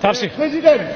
Herr Präsident!